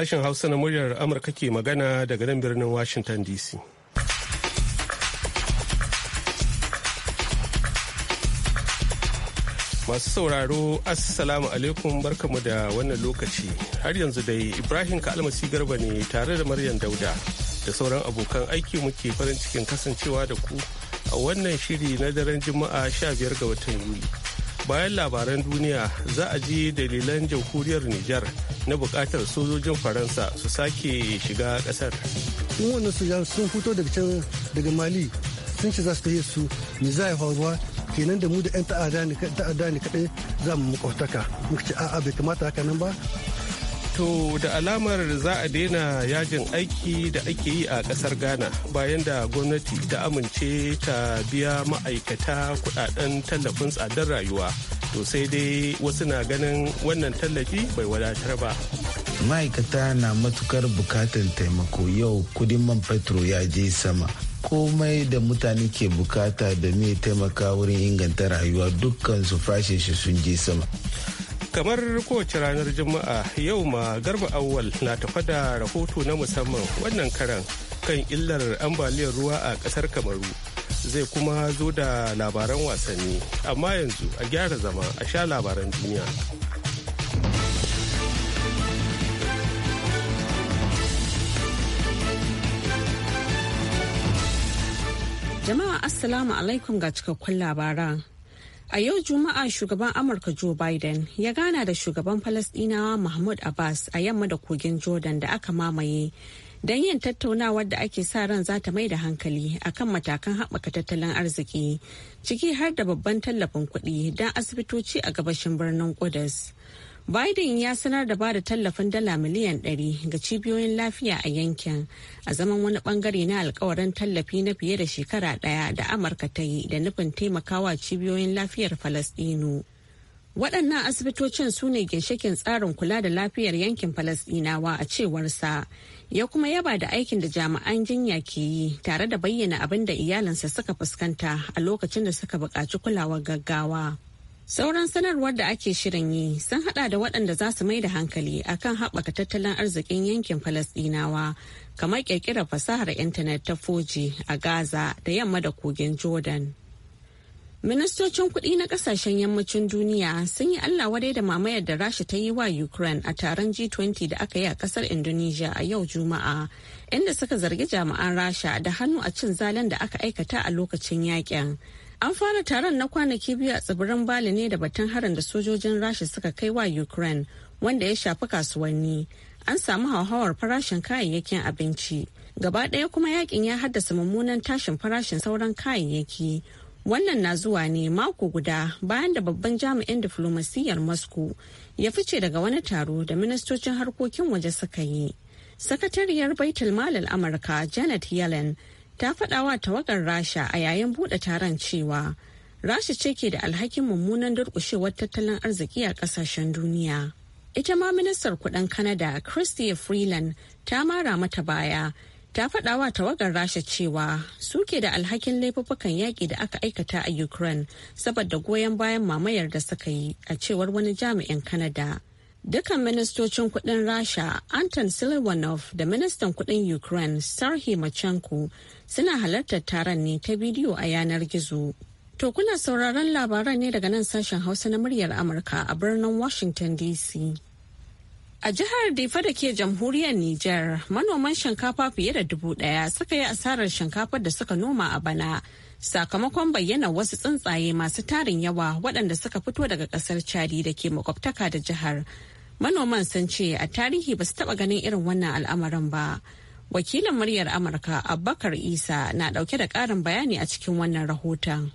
Sashen Hausa na muryar Amurka ke magana daga nan birnin Washington DC. Masu sauraro, Assalamu alaikum barkamu da wannan lokaci. Har yanzu dai Ibrahim Kalmasi Garba ne tare da Maryam Dauda da sauran abokan aiki muke farin cikin kasancewa da ku a wannan shiri na daren Juma'a 15 ga watan Yuli. bayan labaran duniya za a ji dalilan jamhuriyar Nijar na bukatar sojojin Faransa su sake shiga kasar. In wannan su sun fito daga can daga Mali sun ce za su tafiye su ne za a faruwa kenan da mu da 'yan ta'adda ne kaɗai za mu makwataka. Muka ce a'a bai kamata haka nan ba To da alamar za a daina yajin aiki da ake yi a kasar Ghana bayan da gwamnati ta amince ta biya ma'aikata kudaden tallafin tsadar rayuwa. To sai dai wasu na ganin wannan tallafi bai wadatar ba. Ma'aikata na matukar bukatar taimako yau kudin man petro ya je sama. komai da mutane ke bukata da mai taimaka wurin inganta rayuwa dukkan su fashin shi sun je sama. kamar kowace ranar juma'a yau ma garba awwal na tafa da rahoto na musamman wannan karan kan illar ambaliyar ruwa a kasar kamaru zai kuma zo da labaran wasanni amma yanzu a gyara zama a sha labaran duniya jama'a assalamu alaikum ga cikakkun labaran A yau Juma'a shugaban Amurka Joe Biden ya gana da shugaban Falasɗinawa Mahmud Abbas a yamma da kogin Jordan da aka mamaye don yin tattaunawar da ake sa ran za ta mai da hankali a kan matakan haɓaka tattalin arziki ciki har da babban tallafin kuɗi don asibitoci a gabashin birnin Kudus. Biden ya sanar da ba da tallafin dala miliyan 100 ga cibiyoyin lafiya a yankin a zaman wani bangare na alkawarin tallafi na fiye da shekara daya da Amurka ta yi da nufin taimakawa cibiyoyin lafiyar falasɗinu. Waɗannan asibitocin su ne ginshikin tsarin kula da lafiyar yankin Falasdinawa a cewarsa, ya kuma yaba da aikin da jami'an jinya ke yi tare da bayyana abin da iyalinsa suka fuskanta a lokacin da suka buƙaci kulawar gaggawa. Sauran sanarwar da ake shirin yi sun hada da waɗanda za su mai da hankali kan haɓaka tattalin arzikin yankin Falasɗinawa kamar ƙirƙirar fasahar intanet ta foji a Gaza da yamma da kogin Jordan. Ministocin kuɗi na ƙasashen yammacin duniya sun yi Allah wadai da mamayar da Rasha ta yi wa Ukraine a taron G20 da aka yi a ƙasar Indonesia a yau Juma'a, inda suka zargi jami'an Rasha da hannu a cin zalen da aka aikata a lokacin yakin. An fara taron na kwanaki biyu a tsibirin Bali ne da batun harin da sojojin Rasha suka kai wa Ukraine wanda ya shafi kasuwanni. An samu hauhawar farashin kayayyakin abinci. Gaba ɗaya kuma yakin ya haddasa mummunan tashin farashin sauran kayayyaki. Wannan na zuwa ne mako guda bayan da babban jami'in diflomasiyyar Moscow ya fice daga wani taro da ministocin harkokin waje suka yi. Sakatariyar Baitul Malal Amurka Janet Yellen ta faɗa wa tawagar rasha a yayin buɗe taron cewa rasha ce ke da alhakin mummunan durƙushewar tattalin arziki a ƙasashen duniya ita ma ministar kuɗin Kanada christie freeland ta mara mata baya ta faɗa wa tawagar rasha cewa su ke da alhakin laifuffukan yaƙi da aka aikata a ukraine saboda goyon bayan mamayar da suka yi a cewar wani jami'in Kanada. Dukan ministocin kudin Rasha, Anton Silvanov da ministan kudin Ukraine, Sarhi Machenko, suna halartar taron ne ta bidiyo a yanar gizo. To kuna sauraron labaran ne daga nan sashen Hausa na muryar Amurka a birnin Washington DC. A jihar Difa da ke jamhuriyar Nijar, manoman shinkafa fiye da dubu ɗaya suka yi asarar shinkafar da suka noma a bana. sakamakon bayyana wasu tsuntsaye masu tarin yawa waɗanda suka fito daga ƙasar chadi da ke makwabtaka da jihar manoman sun ce a tarihi ba su taba ganin irin wannan al'amarin ba wakilin muryar amurka abubakar isa na dauke da karin bayani a cikin wannan rahoton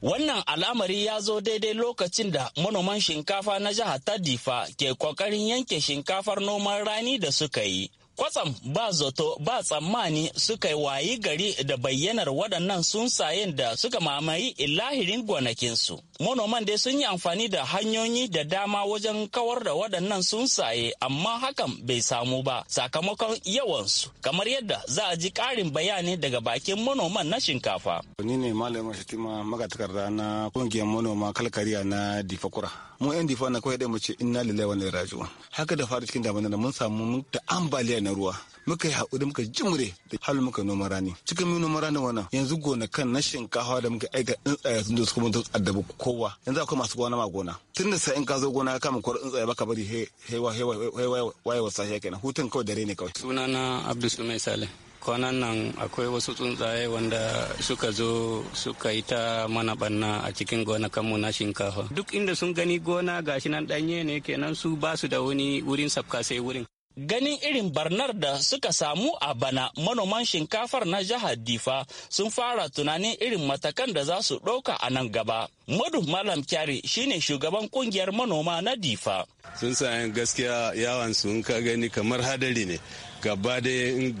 Wannan al'amari ya zo daidai lokacin da manoman shinkafa na jihar tadifa ke kokarin yanke shinkafar noman rani da suka yi kwatsam ba zato ba tsammani suka wayi gari da bayyanar waɗannan tsuntsayen da suka mamayi lahirin gonakinsu. Manoman dai sun yi amfani da hanyoyi da dama wajen kawar da waɗannan tsuntsaye amma hakan bai samu ba sakamakon yawansu kamar yadda za a ji ƙarin bayani daga bakin manoman na shinkafa. Ni ne Malam Shitima magatakarda na ƙungiyar manoma kalkariya na Difakura. mu yan difa na kawai dai mu ce inna lillahi wa inna ilaihi haka da fara cikin damana mun samu da ambaliya na ruwa muka yi haƙuri muka jimre da halin muka noma rani cikin mu noma rani wannan yanzu kan na shinkafa da muka aika tsuntsaye sun zo su kuma addabi kowa yanzu akwai masu gona ma gona tun da sai in ka zo gona ka kama kwar tsuntsaye baka bari hewa hewa hewa wayewa sahiya kenan hutun kawai dare ne kawai sunana abdul sumai kwanan nan akwai wasu tsuntsaye wanda suka zo suka yi ta mana banna a cikin gona gonakanmu na shinkafa duk inda sun gani gona gashi nan danye ne kenan su basu da wani wurin sabka sai wurin ganin irin barnar da suka samu a bana manoman shinkafar na jihar difa sun fara tunanin irin matakan da za su ɗauka a nan gaba madu malam kyari shine shugaban kungiyar manoma na difa sun sayan gaskiya yawan sun ka gani kamar hadari ne gaba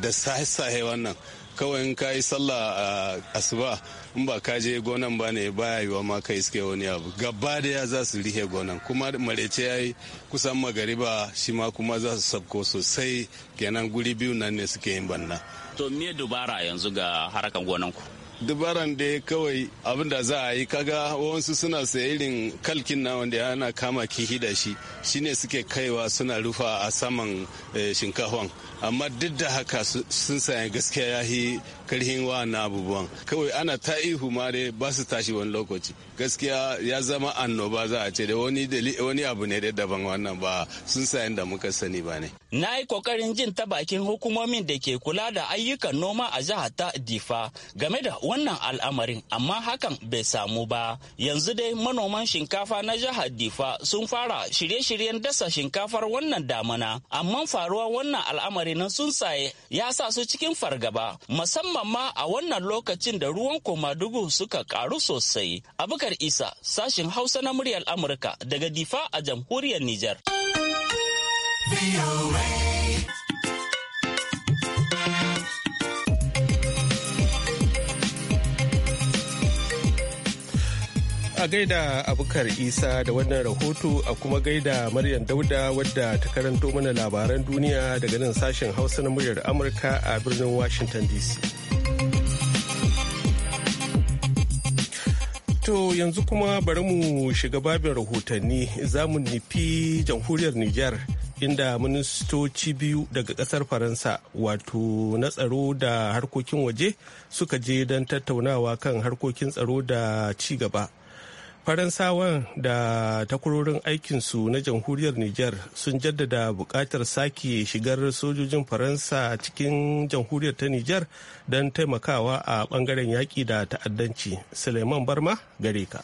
da sahe sahe wannan kawai in ka sallah a asuba in ba ka je gonan ba ne yiwa ma ka iske wani abu gaba da ya za su rihe gonan kuma marece ya yi kusan magariba shi ma kuma za su sabko sosai kenan guri biyu nan ne suke yin banna to me dubara yanzu ga harakan gonan ku dubaran da kawai abin da za a yi kaga wasu suna sayi irin kalkin na wanda ana kama kihi da shi shine suke kaiwa suna rufa a saman eh, shinkafan amma duk da haka sun saya gaskiya ya yi karhin na abubuwan kawai ana ta ihu ma dai ba su tashi wani lokaci gaskiya ya zama annoba za a ce da wani wani abu ne da daban wannan ba sun sayan da muka sani ba ne na yi kokarin jin ta bakin hukumomin da ke kula da ayyukan noma a jihar ta difa game da wannan al'amarin amma hakan bai samu ba yanzu dai manoman shinkafa na jihar difa sun fara shirye-shiryen dasa shinkafar wannan damana amma faruwa wannan al'amarin sun saye ya sa su cikin fargaba musamman musamman ma a wannan lokacin da ruwan koma komadugu suka karu sosai. Abukar Isa sashin Hausa na muryar Amurka daga Difa a jamhuriyar Nijar. a gaida abukar isa da wannan rahoto a kuma gaida maryam dauda wadda ta karanto mana labaran duniya daga nan sashen hausa na muryar amurka a birnin washington dc To yanzu kuma bari mu shiga babin rahotanni za mu nufi jamhuriyar Nijar inda ministoci biyu daga kasar Faransa wato na tsaro da harkokin waje suka je don tattaunawa kan harkokin tsaro da ci gaba faransawan da takwarorin aikinsu na jamhuriyar niger sun jaddada buƙatar sake shigar sojojin faransa cikin jamhuriyar ta niger don taimakawa a ɓangaren yaƙi da ta'addanci suleiman barma gare ka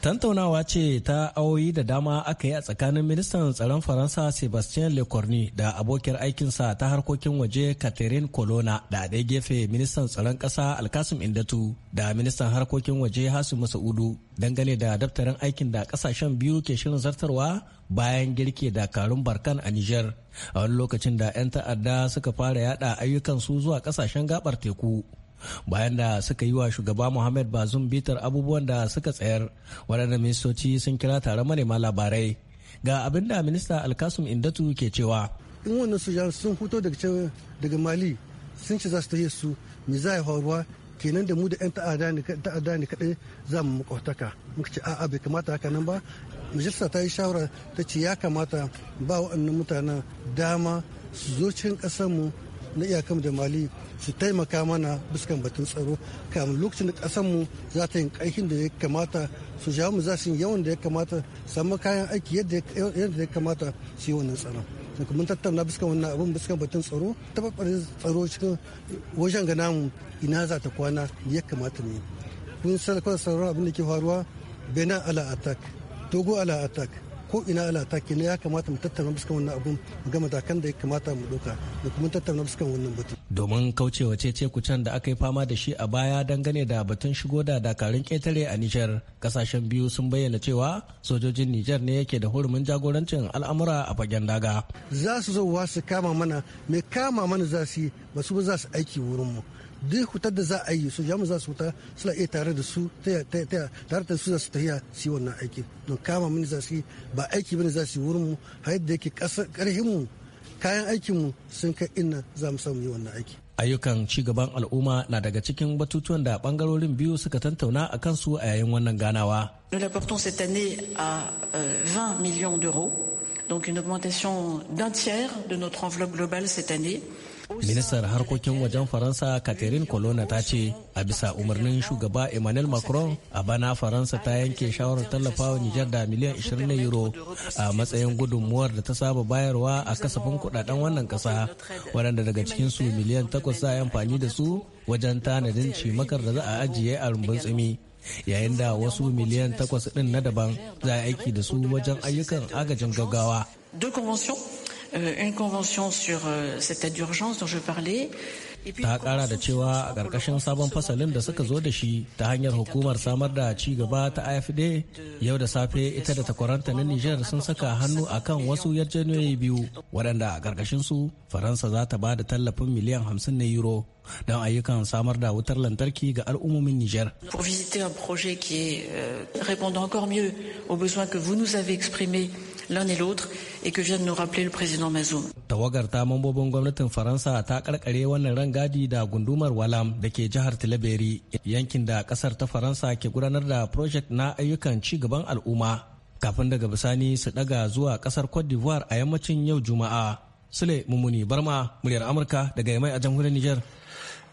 Tantaunawa ce ta awoyi da dama aka yi a tsakanin ministan tsaron Faransa Sebastien Lecornu da abokiyar aikinsa ta harkokin waje Catherine Colonna da ɗaya gefe ministan tsaron ƙasa Alkasim Indatu da ministan harkokin waje Hasu Masaudu dangane da daftarin aikin da ƙasashen biyu ke shirin zartarwa bayan girke dakarun Barkan a niger A wani lokacin da 'yan ta'adda suka fara yada ayyukansu zuwa ƙasashen gabar teku. bayan da suka yi wa shugaba muhammad bazum bitar abubuwan da suka tsayar waɗanda ministoci sun kira tare manema labarai ga abin da minista alkasum indatu ke cewa in wannan su sun huto daga daga mali sun ce za su tafi su me za a faruwa kenan da mu da yan ta'adda ne kaɗai za mu makwataka muka ce a'a bai kamata haka nan ba majalisa ta yi shawara ta ce ya kamata ba waɗannan mutanen dama su zo cikin ƙasarmu mu na iyakam da mali su taimaka mana biskan batun tsaro kamun lokacin da kasanmu za ta yi ƙarfin da ya kamata su ja mu za su yi yawan da ya kamata samu kayan aiki yadda ya kamata su yi wannan tsaron mun tattauna biskan wannan abin biskan batun tsaro ta babbar tsaro cikin wajen ga namu ina za ta kwana ya kamata ne kun sarrafa sauran abin da ke faruwa benin ala attack togo ala attack ko ina ala ke ne ya kamata mu tattauna biskan wannan abun mu ga matakan da ya kamata mu doka da kuma tattauna biskan wannan batu domin kaucewa cece kucen da aka yi fama da shi a baya dangane da batun shigo da dakarun ketare a Nijar kasashen biyu sun bayyana cewa sojojin Nijar ne yake da hurumin jagorancin al'amura a fagen daga za su zo su kama mana mai kama mana za su yi ba su ba za su aiki wurinmu. mu duk hutar da za a yi su jamus za su huta suna iya tare da su tare da su za su tafiya su yi wannan aiki don kama mini za su yi ba aiki bane za su yi wurin mu har da yake karhin mu kayan aikin mu sun kai inna za mu samu yi wannan aiki ayyukan ci gaban al'umma na daga cikin batutuwan da bangarorin biyu suka tantauna a kansu a yayin wannan ganawa. Nous l'apportons cette année à 20 euh, millions d'euros, donc une augmentation d'un tiers de notre enveloppe globale cette année. ministar harkokin wajen faransa catherine colonna ta ce a bisa umarnin shugaba emmanuel macron a bana faransa ta yanke shawarar tallafawa niger da miliyan 20 na euro a matsayin gudunmuwar da ta saba bayarwa a kasafin kudaden wannan kasa waɗanda daga cikinsu miliyan 8 za a amfani da su wajen tanadin cimakar da za a ajiye a rumbun tsimi yayin da wasu miliyan takwas ɗin na daban za a aiki da su wajen ayyukan agajin gaggawa. Euh, une convention sur euh, cet état d'urgence dont je parlais. ta kara da cewa a ƙarƙashin sabon fasalin da suka zo da shi ta hanyar hukumar samar da ci gaba ta afd yau da safe ita da takwaranta na nijar sun saka hannu akan wasu yarjejeniyoyi biyu waɗanda a ƙarƙashin su faransa za ta ba da tallafin miliyan hamsin na euro don ayyukan samar da wutar lantarki ga al'ummomin nijar pour visiter un projet qui est, euh, répondant encore mieux aux besoins que vous nous avez exprimés l'un et l'autre et que vient de nous rappeler le président Mazoum. Tawagar ta mambobin gwamnatin Faransa ta karkare wannan rangadi da gundumar Walam da ke jihar Tilaberi yankin da kasar ta Faransa ke gudanar da project na ayyukan ci gaban al'umma kafin daga bisani su daga zuwa kasar Cote d'Ivoire a yammacin yau Juma'a. Sule Mumuni Barma, muryar Amurka daga Yamai a jamhuriyar niger.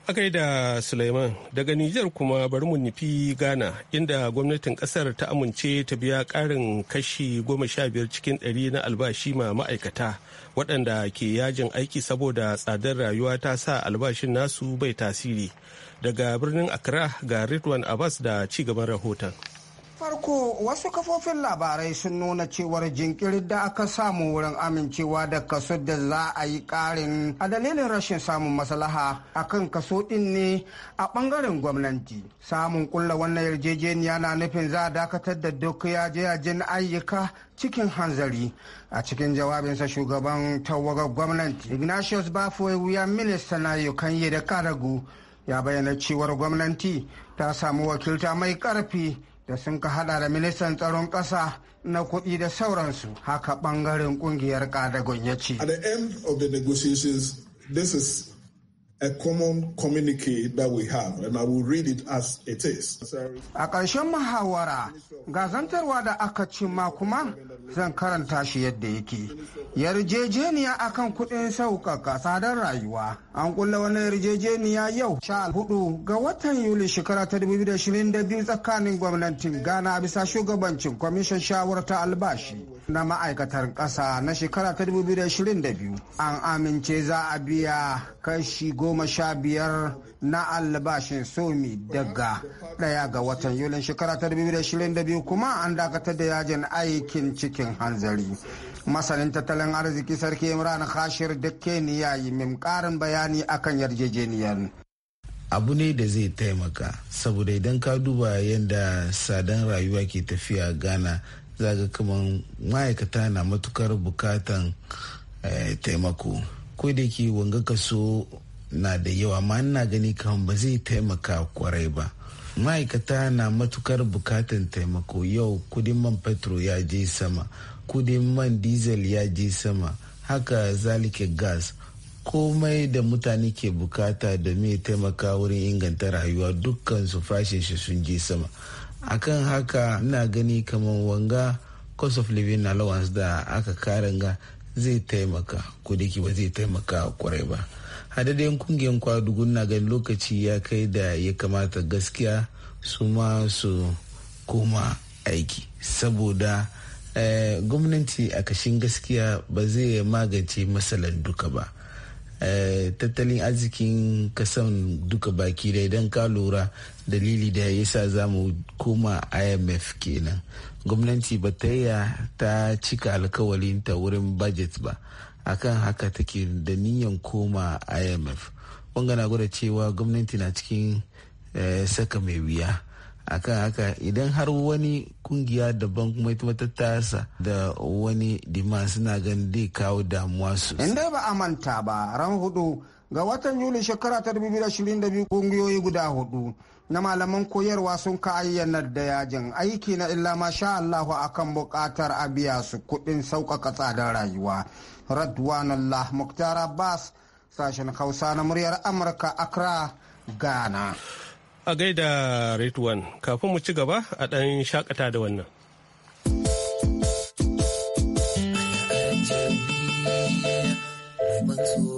Akai da Suleiman daga Nijar kuma bari mu nufi Ghana inda gwamnatin kasar ta amince ta biya karin kashi goma sha biyar cikin ɗari na albashi ma ma'aikata waɗanda ke yajin aiki saboda tsadar rayuwa ta sa albashin nasu bai tasiri. Daga birnin Accra ga Ridwan Abbas da ci gaban rahoton. farko wasu kafofin labarai sun nuna cewar jinkirin da aka samu wurin amincewa da kaso da za a yi karin a dalilin rashin samun maslaha akan kaso din ne a bangaren gwamnati samun kulla wannan yarjejeniya na nufin za a dakatar da duk yaje ayyuka cikin hanzari a cikin jawabinsa shugaban tawagar gwamnati ignatius bafoy wuya minista na yi da karagu ya bayyana cewar gwamnati ta samu wakilta mai karfi da sun ka hada da ministan tsaron ƙasa na kuɗi da sauransu haka ɓangaren ƙungiyar ƙadagon ya ce. At the end of the negotiations, this is a common communique that we have and I will read it as it is. A ƙarshen muhawara gazantarwa da aka cimma kuma zan karanta shi yadda yake yarjejeniya akan kuɗin sauƙaƙa tsadar rayuwa an kulla wani yarjejeniya yau sha hudu ga watan yuli shekara ta 2022 tsakanin gwamnatin ghana bisa shugabancin kwamishin ta albashi na ma'aikatar ƙasa na shekara ta 2022 an amince za a biya kashi goma sha biyar na albashin somi daga ɗaya ga watan yulin shekara ta 2022 kuma an dakatar da yajin aikin ciki aikin hanzari masanin tattalin arziki sarki imran khashir da ni yayi min karin bayani akan yarjejeniyar abu ne da zai taimaka saboda idan ka duba yadda sadan rayuwa ke tafiya ghana zaga kaman ma'aikata na matukar bukatan eh, taimako ko da ke wanga kaso na da yawa ma ina gani kan ba zai taimaka kwarai ba ma'aikata na matukar bukatan taimako yau kudin man petro ya je sama kudin man diesel ya je sama haka zalike gas komai da mutane ke bukata da mai taimaka wurin inganta rayuwa dukkan su fashin shi sun je sama akan haka na gani kamar wanga cost of living allowance da aka karanga zai taimaka ko da ba zai taimaka kwarai ba hadadin kungiyar kwadugun na gani lokaci ya kai da ya kamata gaskiya su ma su koma aiki saboda eh, gwamnati a kashin gaskiya ba zai magance matsalar duka ba eh, tattalin arzikin kasan duka baki da idan ka lura dalili da ya sa za mu koma imf kenan gwamnati ba ta ta cika alkawalinta wurin budget ba akan haka take da niyan koma imf wanga na gwada cewa gwamnati na cikin eh, saka mai wuya akan haka idan har wani kungiya daban kuma ita matattasa da wani dima suna ganin dai kawo damuwa su. inda ba a manta ba ran hudu ga watan yuli shekara ta 2022 kungiyoyi guda hudu na malaman koyarwa sun ka ayyanar da yajin aiki na illa masha Allahu akan bukatar a biya su kudin sauƙaƙa tsadar rayuwa Radwanallah Mukhtar Abbas sashen Hausa na muryar Amurka Accra Ghana. A gaida Ritwan kafin mu ci gaba a ɗan shakata da wannan. Thank you.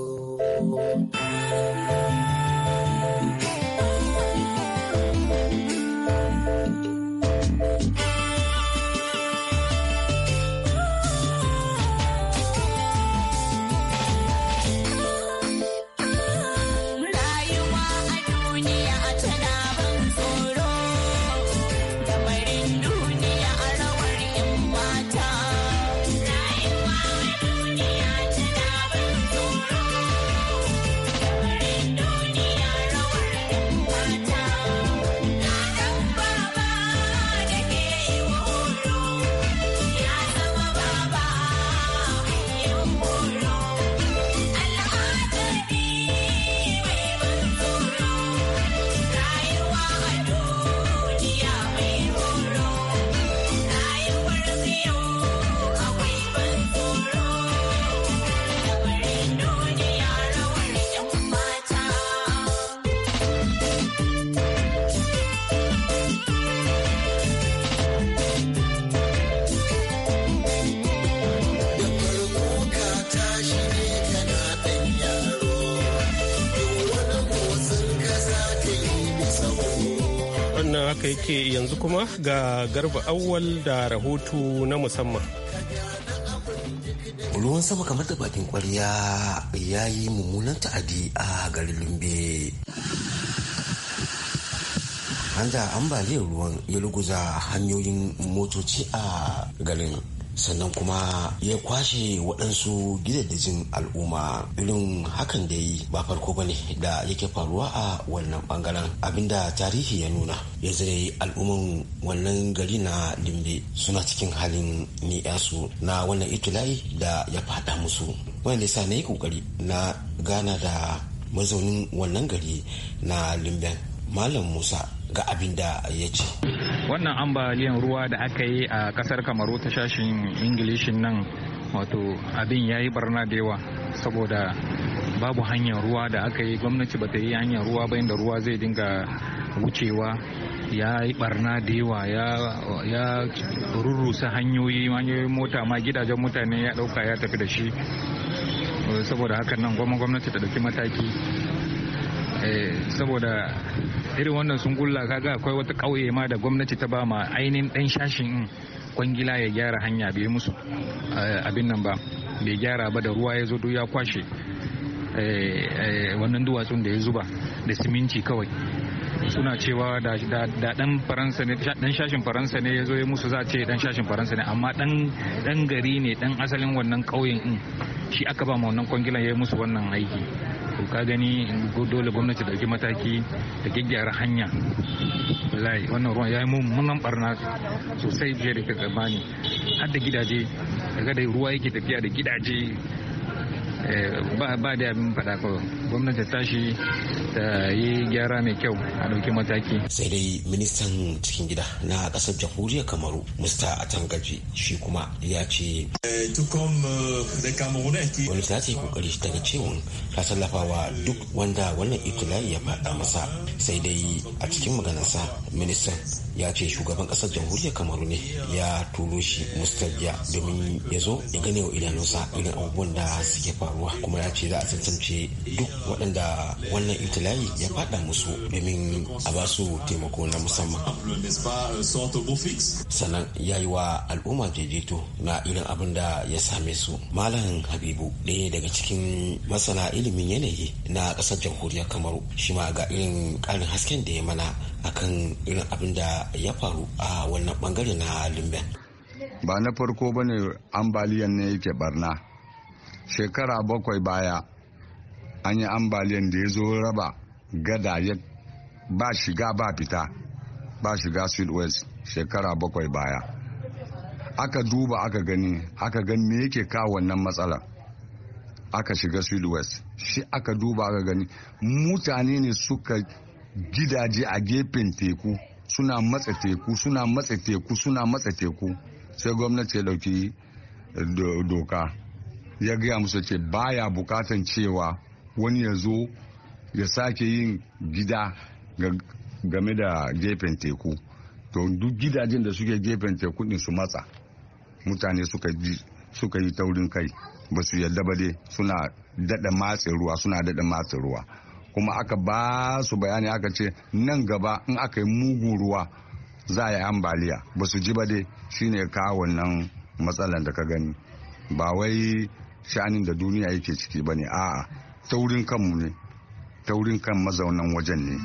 yanzu kuma ga garba awwal da rahoto na musamman. ruwan sama kamar da bakin kwarya ya yi mummunan ta'adi a garin lumbe an da ambaliyar ruwan ya luguza hanyoyin motoci a garin sannan kuma ya kwashe waɗansu gidajen al'umma irin hakan da yi ba farko bane da yake faruwa a wannan bangaren abinda tarihi ya nuna ya zai al'umman wannan gari na limbe suna cikin halin ni'yasu na wannan itila'i da ya fada musu wanda ya sa na yi kokari na gana da mazaunin wannan gari na limben Malam Musa ga abin da ya ce. Wannan ambaliyan ruwa da aka yi a kasar Kamaru ta shashin Ingilishin nan wato abin ya yi barna da yawa saboda babu hanyar ruwa da aka yi gwamnati ba ta yi hanyar ruwa ba da ruwa zai dinga wucewa ya yi barna da yawa ya rurrusa hanyoyi hanyoyin mota ma gidajen mutane ya dauka ya tafi da shi saboda hakan nan gwamnati ta dauki mataki eh, saboda irin wannan sun gulla kaga akwai wata ƙauye ma da gwamnati ta ba ma ainihin ɗan shashin kwangila ya gyara hanya bai musu eh, abin nan ba bai gyara ba da ruwa ya zo duk ya kwashe eh, eh, wannan duwatsun da ya zuba da siminci kawai suna cewa da dan faransa ne dan shashin faransa ne ya zo ya musu za ce dan shashin faransa ne amma dan dan gari ne dan asalin wannan ƙauyen din shi aka ba ma wannan kwangilan ya yi musu wannan aiki to ka gani dole gwamnati dauki mataki da gyaggyara hanya wallahi wannan ruwan ya yi munan barna sosai fiye da tsammani har da gidaje daga da ruwa yake tafiya da gidaje Eh, ba da abin fada ko gwamnati tashi ta yi gyara mai kyau a ɗauki mataki. sai dai ministan cikin gida na kasar jamhuriyar kamaru musta atangaji shi kuma ya ce eh, euh, wani ta ce kokari ta daga cewa ta tallafawa duk wanda wannan ikilayi ya faɗa masa sai dai a cikin maganarsa ministan ya ce shugaban kasar jamhuriyar kamaru ne ya turo shi mustajiya domin ya zo ya gane wa idanunsa idan abubuwan da suke fa faruwa kuma ya ce za a tantance duk waɗanda wannan itilayi ya faɗa musu domin a ba su taimako na musamman sannan ya yi wa al'umma daidaito na irin abin da ya same su malam habibu ɗaya daga cikin masana ilimin yanayi na ƙasar jamhuriyar kamaru shi ma ga irin ƙarin hasken da ya mana akan irin abin da ya faru a wannan bangare na limben ba na farko bane ambaliyan ne yake barna shekara bakwai baya an yi ambaliyan da ya zo raba gada ya ba shiga ba fita ba shiga west shekara bakwai baya aka duba aka gani aka gani me yake kawo wannan matsalar aka shiga west shi aka duba aka gani mutane ne suka gidaje a gefen teku suna matsa teku suna matsa teku suna matsa teku sai gwamnati ya dauki doka ya gaya musu ce baya bukatan cewa wani ya zo ya sake yin gida game da gefen teku to duk gidajen da suke gefen teku din su matsa mutane suka yi taurin kai ba su yarda ba dai suna dada matse ruwa suna dada matse ruwa kuma aka ba su bayani aka ce nan gaba in aka yi mugun ruwa za a yi ambaliya ba su ji ba dai shine kawo wannan matsalan da ka gani ba wai sha'anin da duniya yake ciki ba ne a'a taurin kanmu ne taurin kan mazaunan wajen ne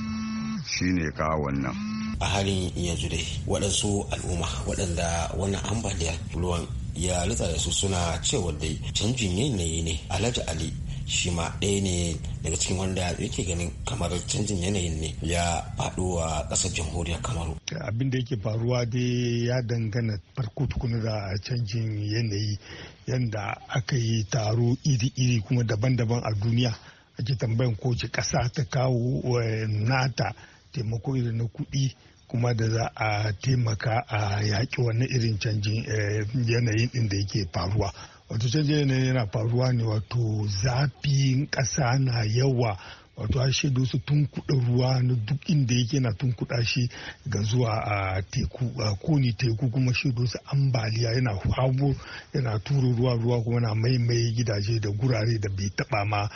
shine kawo wannan a halin yanzu dai waɗansu al'umma waɗanda wannan ambaliyar ruwan ya ritsa da su suna cewa dai canjin yanayi ne alhaji ali shi ma ɗaya ne daga cikin wanda yake ganin kamar canjin yanayin ne ya faɗo a ƙasar jamhuriyar kamaru abin da yake faruwa dai ya dangana farko tukuna da canjin yanayi yadda aka yi taro iri-iri kuma daban-daban a duniya ake tambayan kowace kasa ta kawo eh, nata taimako irin na kuɗi kuma da za a taimaka a yaƙi wannan irin canjin eh, yanayin ɗin da yake faruwa wato canjin yanayin yana faruwa ne wato zafin ƙasa na yawa wato a shaidu su tunkuɗa ruwa na duk inda yake na tunkuɗa shi ga zuwa a teku a koni teku kuma shaidu su ambaliya yana hagu yana turo ruwa ruwa kuma na maimaye gidaje da gurare da bai taba ma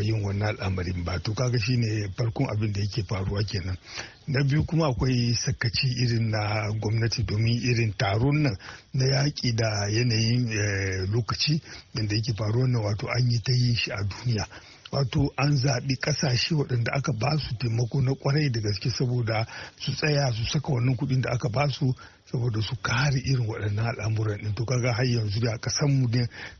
yin wannan al'amarin ba to kaga shine farkon abin da yake faruwa kenan na biyu kuma akwai sakaci irin na gwamnati domin irin taron nan na yaƙi da yanayin eh, lokaci da yake faruwa na wato an yi ta yin shi a duniya wato an zaɓi ƙasashe waɗanda aka ba su taimako na ƙwarai da gaske saboda su tsaya su saka wannan kuɗin da aka ba su saboda su kare irin waɗannan al'amuran ɗin to kaga har yanzu da ƙasan mu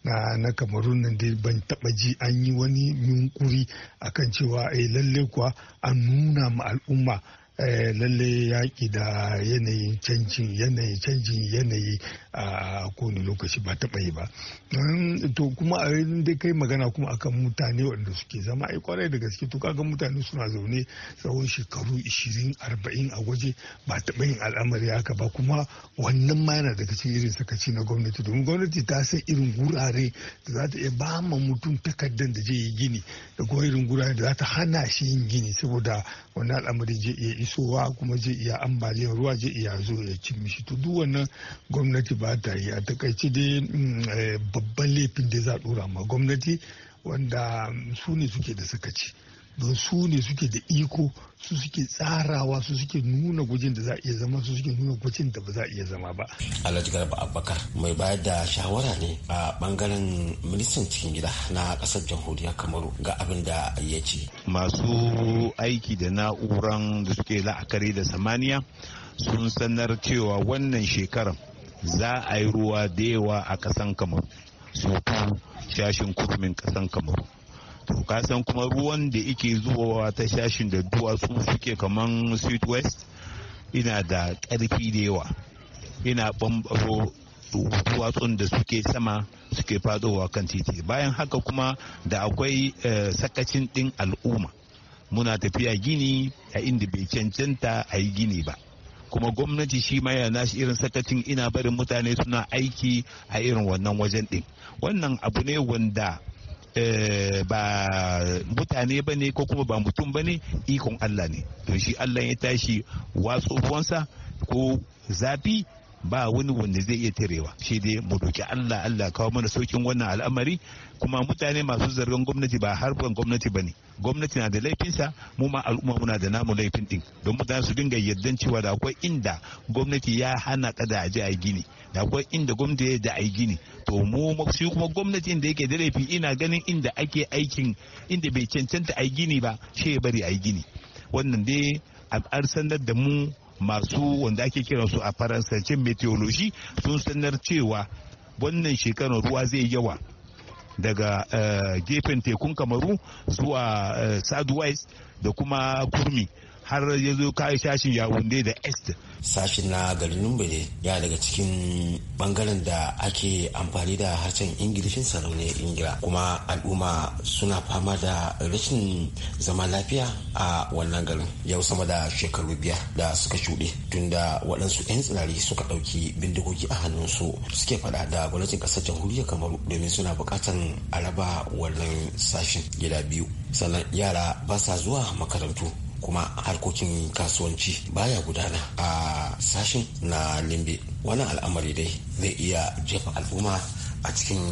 na na kamarun nan da ban taɓa ji an yi wani yunkuri akan cewa eh lalle kuwa an nuna ma al'umma Eh, lalle yaƙi da yanayin canjin yanayin canjin yanayi a kowane lokaci ba taɓa yi ba to kuma a dai kai magana kuma akan mutane wanda suke zama ai kwarai da gaske to kaga mutane suna zaune tsawon shekaru 20 40 a waje ba taɓa yin al'amari haka ba kuma wannan ma yana daga cikin irin sakaci na gwamnati domin gwamnati ta san irin gurare da za ta iya ba ma mutum takardar da zai yi gini da kuma irin gurare da za ta hana shi yin gini saboda wani al'amari zai iya tasowa kuma zai iya ambaliyar ruwa zai iya zo ya ci mishi to duk wannan gwamnati ba ta yi a takaice dai mm, eh, babban laifin da za a dora ma gwamnati wanda mm, su ne suke da sakaci. don su ne suke da iko su suke tsarawa su suke nuna gujin da za a iya zama su suke nuna gujin da ba za a iya zama ba. Alhaji Garba Abubakar mai bayar da shawara ne a bangaren ministan cikin gida na kasar jamhuriyar Kamaru ga abin da ya ce. Masu aiki da na'uran da suke la'akari da samaniya sun sanar cewa wannan shekarar za a yi ruwa da yawa a kasan Kamaru. Sotu shashin kurmin kasan Kamaru. to ka san kuma ruwan da yake zuwa ta shashin da duwatsu suke kaman sweet west ina da ƙarfi da yawa ina bambaro duwatsun da suke sama suke fadowa kan titi bayan haka kuma da akwai eh, sakacin ɗin al'umma muna tafiya gini a inda bai cancanta a yi gini ba kuma gwamnati shi ma yana shi irin sakacin ina barin mutane suna aiki a irin wannan wajen ɗin wannan abu ne wanda Eh, ba mutane ba ne ko kuma ba mutum ba ne ikon Allah ne to shi Allah ya tashi watsofuwansa ko zafi ba wani wanda zai iya tarewa shi dai mu doki Allah Allah kawo mana saukin wannan al'amari kuma mutane masu zargin gwamnati ba harfan gwamnati ba ne gwamnati na da laifinsa mu ma al'umma muna da namu laifin din don mutane su dinga yardan cewa da akwai inda gwamnati ya hana kada a a gini da akwai inda gwamnati ya da a gini to mu shi kuma gwamnati da yake da laifi ina ganin inda ake aikin inda bai cancanta a gini ba ce bari a gini wannan dai an sanar da mu masu wanda ake su a faransancin meteorology sun sanar cewa wannan shekarar ruwa zai yawa daga eh, gefen tekun kamaru zuwa eh, southwest da kuma kurmi har ya zo kayi sashin ya wunde da est sashin na garin numbele ya daga cikin bangaren da ake amfani da harshen ingilishin sarauniyar ingila kuma al'umma suna fama da rashin zama lafiya a wannan garin yau sama da shekaru biyar da suka shuɗe tunda waɗansu 'yan tsirari suka ɗauki bindigogi a hannunsu suke faɗa da gwamnatin ƙasar jamhuriyar kamaru domin suna buƙatan a raba wannan sashin gida biyu sannan yara ba sa zuwa makarantu kuma harkokin kasuwanci baya gudana a sashin na limbe wannan al'amari dai zai iya jefa al'umma a cikin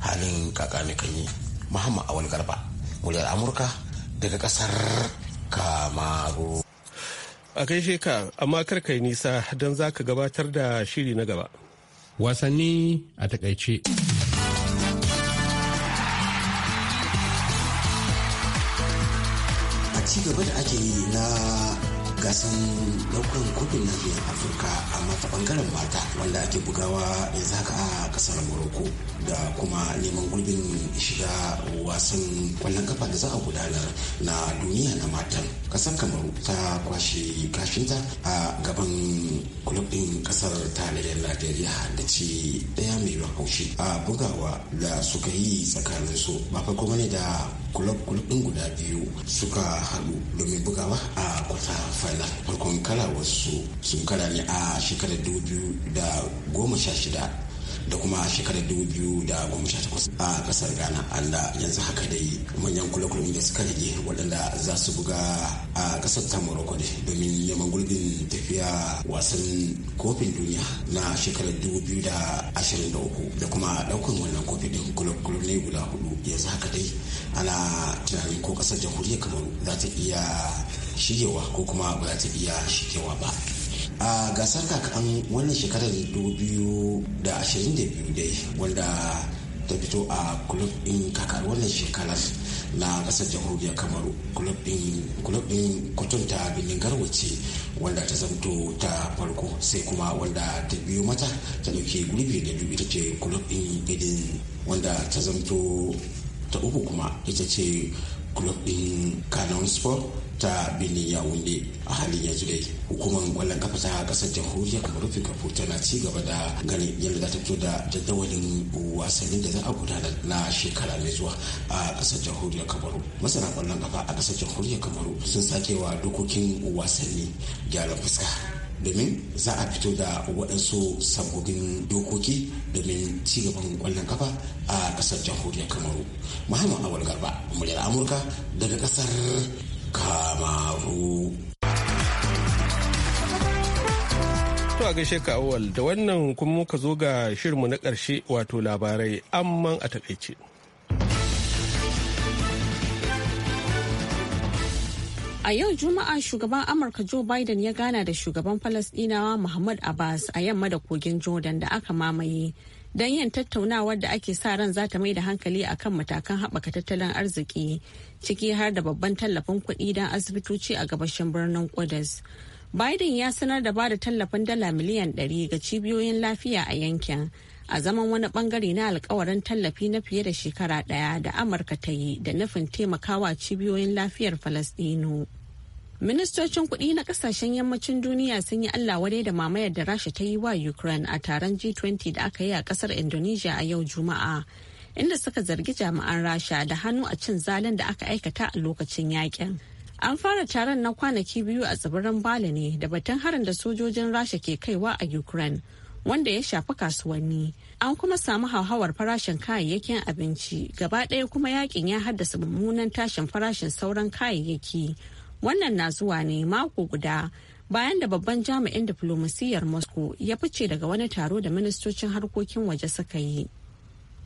halin kakamikanyi muhammad awal garba muryar amurka daga kasar kamaru a kai ka amma karkai nisa don za ka gabatar da shiri na gaba wasanni a takaice ci gaba da ake yi na gasan daukan kofin nahiyar afirka a mata bangaren mata wanda ake bugawa ya zaka a kasar morocco da kuma neman gurbin shiga wasan kwallon kafa da za a gudanar na duniya na matan kasar kamaru ta kwashe kashinta a gaban kulub ɗin ƙasar nigeria najeriya da ce daya mai haushi a bugawa da suka yi tsakanin su, ba kuma ne da kulob-kulob ɗin guda biyu suka haɗu domin bugawa a kwata final farkon kala wasu sun kara ne a shekarar 2016 da kuma shekarar 2018 a kasar ghana allah yanzu haka dai manyan kula da suka rage waɗanda za su buga a kasar ta morocco ne domin neman gurbin tafiya wasan kofin duniya na shekarar 2023 da kuma ɗaukar wannan kofin din kula ne guda hudu yanzu haka dai ana tunanin ko kasar jamhuriyar kamaru za ta iya shigewa ko kuma ba za ta iya shigewa ba a gasar kakan wannan shekarar 2022 dai wanda ta fito a kulob din kakar wannan shekarar na kasar jamhuriyar kamaru kulob din kutun ta birnin garwace wanda ta zanto ta farko sai kuma wanda ta biyo mata ta dauke gurbi da biyu ita ce kulob din idin wanda ta zanto ta uku kuma ita ce club din kanon sport ta benin yawunde a halin yanzu dai hukumar kwallon kafa ta kasar jamhuriyar kamaru fikafo tana ci gaba da ganin yadda za ta fito da jadawalin wasannin da za a gudanar na shekara mai zuwa a kasar jamhuriyar kamaru masana kwallon kafa a kasar jamhuriyar kamaru sun sake wa dokokin wasanni gyaran fuska domin za a fito da waɗansu sabbin dokoki domin cigaban ƙwallon kafa a ƙasar jamhuriyar kamaru muhammad awal garba muryar amurka daga ƙasar kamaru To a gaishe ka awal da wannan kuma muka zo ga shirinmu na ƙarshe wato labarai amman a takaice. A yau Juma'a shugaban Amurka Joe Biden ya gana da shugaban Falasdinawa Muhammad Abbas a yamma da kogin Jordan da aka mamaye. Don yin tattaunawar da ake sa ran zata mai da hankali akan matakan haɓaka tattalin arziki ciki har da babban tallafin kuɗi don asibitoci a gabashin birnin Kudus. Biden ya sanar da bada tallafin dala miliyan ɗari ga cibiyoyin lafiya a yankin a zaman wani bangare na alkawarin tallafi na fiye da shekara ɗaya da Amurka ta yi da nufin taimakawa cibiyoyin lafiyar falasɗinu. Ministocin kuɗi na ƙasashen yammacin duniya sun yi Allah wadai da mamayar da Rasha ta yi wa Ukraine a taron G20 da aka yi a ƙasar Indonesia a yau Juma'a, inda suka zargi jami'an Rasha da hannu a cin zalin da aka aikata a lokacin yakin. An fara taron na kwanaki biyu a tsibirin Bali ne da batun harin da sojojin Rasha ke kaiwa a Ukraine, wanda ya shafi kasuwanni. An kuma samu hauhawar farashin kayayyakin abinci, gaba ɗaya kuma yakin ya haddasa mummunan tashin farashin sauran kayayyaki. wannan na zuwa ne mako guda bayan da babban jami'in diflomasiyyar moscow ya fice daga wani taro da ministocin harkokin waje suka yi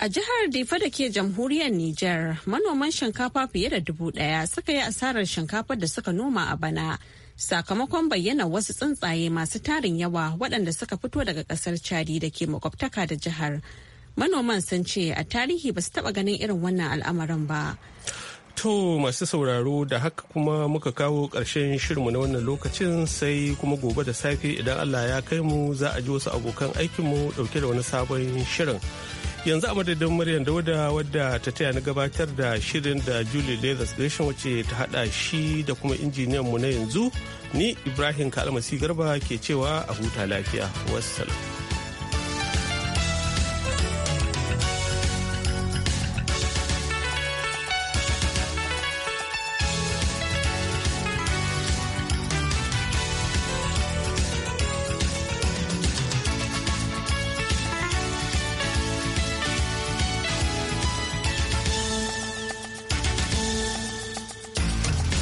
a jihar difa da ke jamhuriyar niger manoman shinkafa fiye da dubu daya suka yi asarar shinkafar da suka noma a bana sakamakon bayyana wasu tsuntsaye masu tarin yawa waɗanda suka fito daga ƙasar chadi da ke makwabtaka da jihar manoman sun ce a tarihi ba su taɓa ganin irin wannan al'amarin ba To masu sauraro da haka kuma muka kawo ƙarshen shirinmu na wannan lokacin sai kuma gobe da safe idan Allah ya kai mu za a ji wasu abokan aikinmu ɗauke da wani sabon shirin. Yanzu a madadin Maryam Dauda wadda ta taya na gabatar da shirin da Julie Leathers Gresham wacce ta haɗa shi da kuma injiniyan mu na yanzu ni Ibrahim Kalmasi Garba ke cewa a huta lafiya. Wassalam.